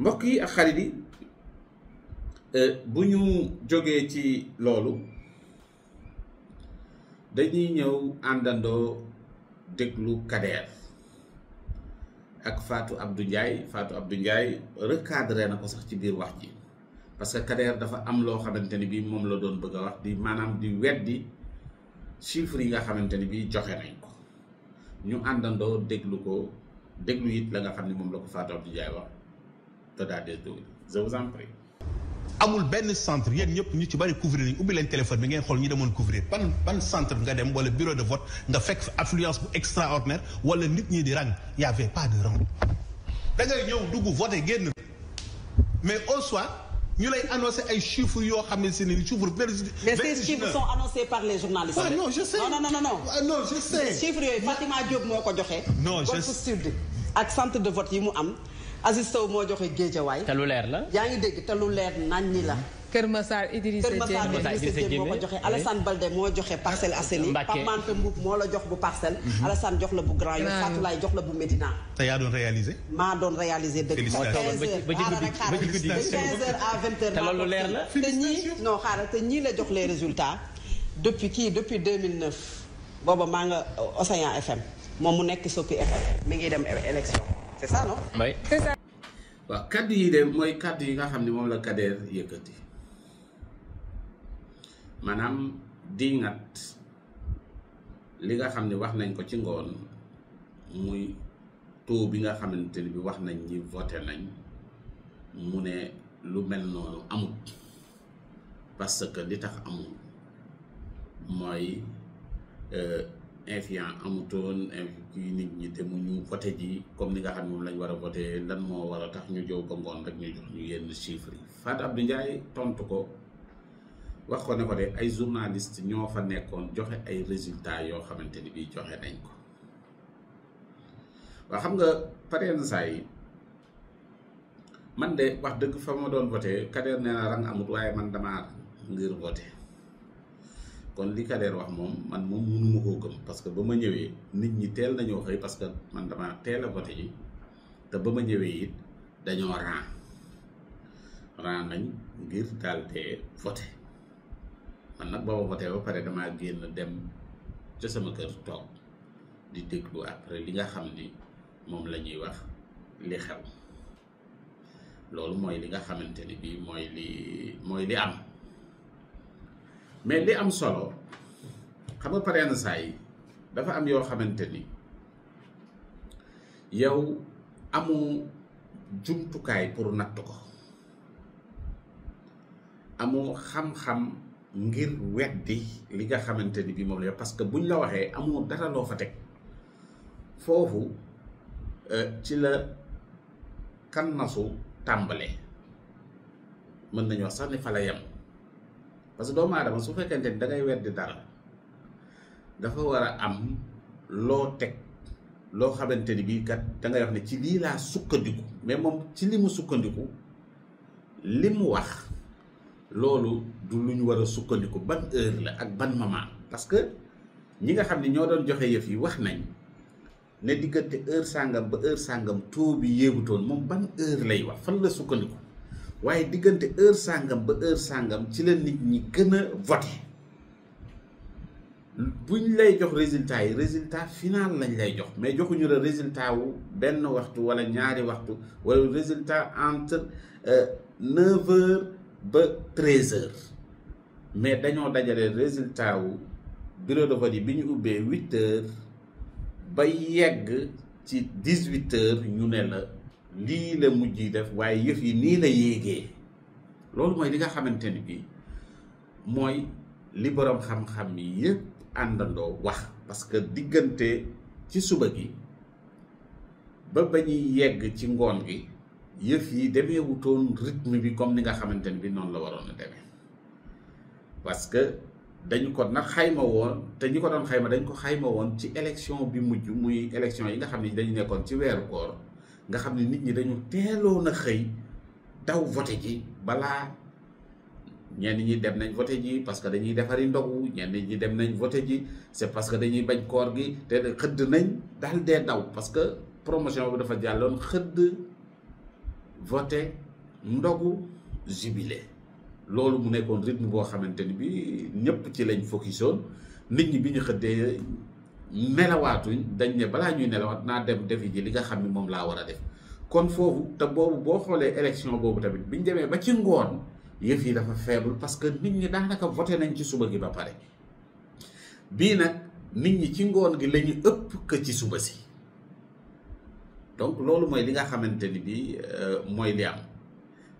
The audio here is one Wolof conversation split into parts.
mbokk yi ak xarit yi euh, bu ñu jógee ci loolu dañuy ñëw àndandoo déglu Kader ak Fatou Abdou Ndiaye Fatou Abdou Ndiaye recadré na ko sax ci biir wax ji parce que Kader dafa am loo xamante ni bii moom la doon bëgg a wax di maanaam di weddi chiffres yi nga xamante ni bii joxe nañ ko ñu àndandoo déglu ko déglu it la nga xam ne moom la ko Fatou Abdou Ndiaye wax. te daal des déglu je amul benn centre yéen ñëpp ñu ci bari couvrir nañu ubbi leen téléphone bi ngeen xool ñu demoon couvrir ban ban centre nga dem wala bureau de vote nga fekk affluence bu extraordinaire wala nit ñi di rang y avait pas de rang da ngay ñëw dugg voté génn. mais au soir ñu lay annoncé ay chiffres yoo xam ne si ne chiffres vertigineux. mais ces annoncés par les journalistes. Ouais, ah non je sais non non non non. Ah yooyu Fatima Diop moo ko joxe. non je sais Golf Sud de vote yi mu am. Aziz Sow moo joxe Géejawaay. te lu leer la. yaa ngi dégg te lu leer naññi la. Kër Massar Idrissa Dieng moo ko joxe Alassane Balde moo joxe Parcelles Assainies Pape Mante Mboup moo la jox bu parcelle mhm. Alassane jox la bu Grand Yoff jox la bu Médina te yaa réalisé maa doon réalisé dëgg moo xaaral rek xaaral de quinze heures à vingt heures te loolu leer la te ñii non ñii la jox les résultats depuis kii depuis 2009 booba maa nga Océan FM moom mu nekk Sopi FM mi ngi dem élection c'est ça non waaw kàddu yi de mooy kàddu yi nga xam ni moom la Kader yëkkëti maanaam diingat li nga xam ni wax nañ ko ci ngoon muy taux bi nga xamante ni bi wax nañ ñi voté nañ mu ne lu mel noonu amut parce que li tax amul mooy euh, influent amutoon kii nit ñi te mu ñu voté ji comme ni nga xam moom lañ war a voté lan moo war a tax ñu jow ba ngoon rek ñu jox ñu yenn chiffres yi Fatou Abdou Ndiaye tontu ko wax ko ne ko de ay journaliste ñoo fa nekkoon joxe ay résultats yoo xamante ni bii joxe nañ ko waa xam nga pareen saay man de wax dëgg fa ma doon voté kadeer nee na rang amut waaye man damaa ngir voté kon li Kader wax moom man moom mënuma koo gëm parce que ba ma ñëwee nit ñi teel nañoo xëy parce que man dama teela a voté te ba ma ñëwee it dañoo ran ran nañ ngir daal dee voté man nag boo ma ba pare damaa génn dem ca sama kër toog di déglu après li nga xam ni moom la ñuy wax li xew loolu mooy li nga xamante ni bii mooy li mooy li am. mais li am solo xam nga pare na saa yi dafa am yoo xamante ni yow amu jumtukaay pour natt ko amoo xam-xam ngir weddi li nga xamante ni bi moom la parce que buñ la waxee amoo dara loo fa teg foofu euh, ci la kannasu nasu tàmbale mën nañu wax sax ni fa la yem parce que doomu aadama su fekkente ni da ngay weddi dara dafa war a am loo teg loo xamante ni bii kat da ngay wax ne ci lii laa sukkandiku mais moom ci li mu sukkandiku li mu wax loolu du lu ñu war a sukkandiku ban heure la ak ban moment parce que ñi nga xam ne ñoo doon joxe yëf yi wax nañ ne diggante heure sàngam ba heure sàngam taux bi yéegutoon moom ban heure lay wax fan la sukkandiku. waaye diggante heure sàngam ba heure sàngam ci la nit ñi gën a buñ lay jox résultat yi résultat final lañ lay jox mais joxuñu la résultat wu benn waxtu wala ñaari waxtu wala résultat entre euh, neuf heures ba treize heures mais dañoo dajale résultat wu bureau de vote yi bi ñu ubbee huit heures ba yegg ci dix huit heures ñu ne la lii la mujj yi def waaye yëf yi nii la yéegee loolu mooy li nga xamante ni bii mooy li boroom xam-xam yi àndandoo wax parce que diggante ci suba gi ba ba ñuy yegg ci ngoon gi yëf yi demeewutoon rythme bi comme ni nga xamante ni bi noonu la waroon a demee parce que dañu ko nag xayma woon te ñu ko doon xayma dañ ko xayma woon ci élection bi mujj muy élection yi nga xam ni dañu nekkoon ci weeru koor nga xam ne nit ñi dañu teeloon a xëy daw vote ji balaa ñenn ñi dem nañ vote ji parce que dañuy defari ndogu ñenn ñi dem nañ vote ji c'est parce que dañuy bañ koor gi te xëdd nañ daal dee daw parce que promotion bi dafa jàlloon xëdd vote ndogu jubilé loolu mu nekkoon rythme boo xamante ni bii ñëpp ci lañ focusoon nit ñi bi ñu xëddee nelawaatuñ dañ ne balaa ñuy nelawaat naa dem defi ji li nga xam ne moom laa war a def kon foofu te boobu boo xoolee élection boobu tamit biñ demee ba ci ngoon yëf yi dafa faible parce que nit ñi naka voté nañ ci suba gi ba pare bii nag nit ñi ci ngoon gi lañuy ñu ëpp que ci suba si donc loolu mooy li nga xamante ni bii euh, mooy li am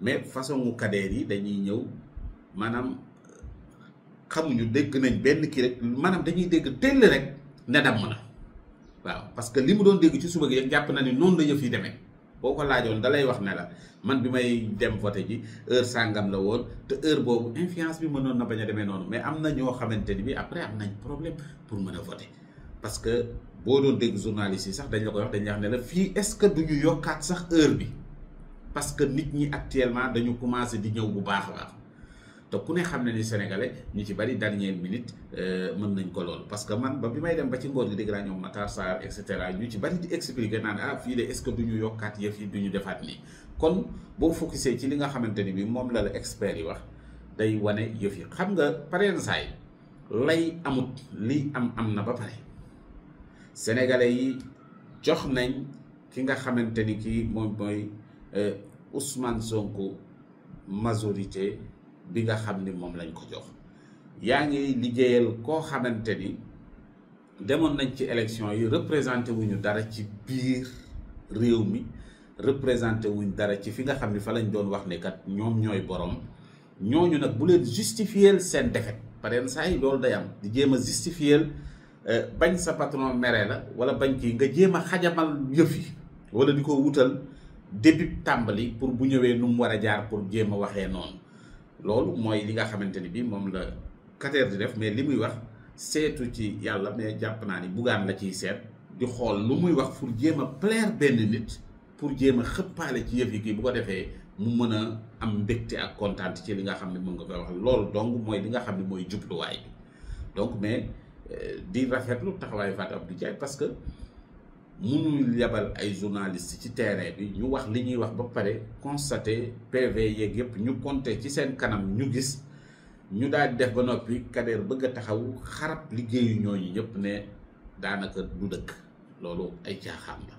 mais façon mu kadeer yi dañuy ñëw maanaam xamuñu dégg nañ benn kii rek maanaam dañuy dégg tell rek. ne damm na waaw parce que li mu doon dégg ci suba gi jàpp na ni noonu la yëf yi demee boo ko laajoon da wax ne la man bi may dem vote ji heure sàngam la woon te heure boobu influence bi mënoon na bañ a demee noonu mais am na ñoo xamante ni bi après am nañ problème pour mën a voter parce que boo doon dégg journaliste yi sax dañu la koy wax dañ la wax ne fii est-ce que duñu yokkaat sax heure bi parce que nit ñi actuellement dañu commencé di ñëw bu baax a baax te ku ne xam ne ni sénégalais ñu ci bari dernière minute euh, mën nañ ko loolu parce que man ba bi may dem ba ci ngóor gi dégg naa ñoom Matar Sarr et cetera ñu ci bari di expliquer naan ah fii de est-ce que du yokkaat yëf yi du ñu defaat nii kon boo see ci li nga xamante ni bi moom la la experts yi wax day wane yëf yi xam nga pareen saay lay amut liy am am na ba pare sénégalais yi jox nañ ki nga xamante ni kii moom mooy euh, Ousmane Sonko majorité bi nga xam ni moom lañ ko jox yaa ngi liggéeyal koo xamante ni demoon nañ ci élection yi représenté wuñu dara ci biir réew mi représenté wuñ dara ci fi nga xam ni fa lañ doon wax ne ñoom ñooy borom ñooñu nag bu leen justifier seen défaite pareen saa yi loolu day am di jéem a justifier euh, bañ sa patron mere la wala bañ kii nga jéem a xajamal yëf yi wala di ko wutal début tàmbali pour bu ñëwee nu mu war a jaar pour jéem a waxee noonu. loolu mooy li nga xamante ni bi moom la Kader di def mais li muy wax seetu ci yàlla mais jàpp naa ni Bougane la ciy seet di xool lu muy wax pour jéem a plaire benn nit pour jéem a xëppaale ci yëf yi kii bu ko defee mu mën a am mbégte ak kontaan ci li nga xam ne moom nga koy wax lool donc mooy li nga xam ne mooy jubluwaay bi donc mais euh, di rafetlu taxawaayu Fatou Abdou Ndiaye parce que mënuñu yabal ay journalistes ci terrain bi ñu wax li ñuy wax ba pare constaté PV yeeg yëpp ñu compté ci seen kanam ñu gis ñu daal def ba noppi Kader bëgg a taxawu xarab liggéeyu ñooñu ñëpp ne daanaka du dëkk loolu ay caaxaan la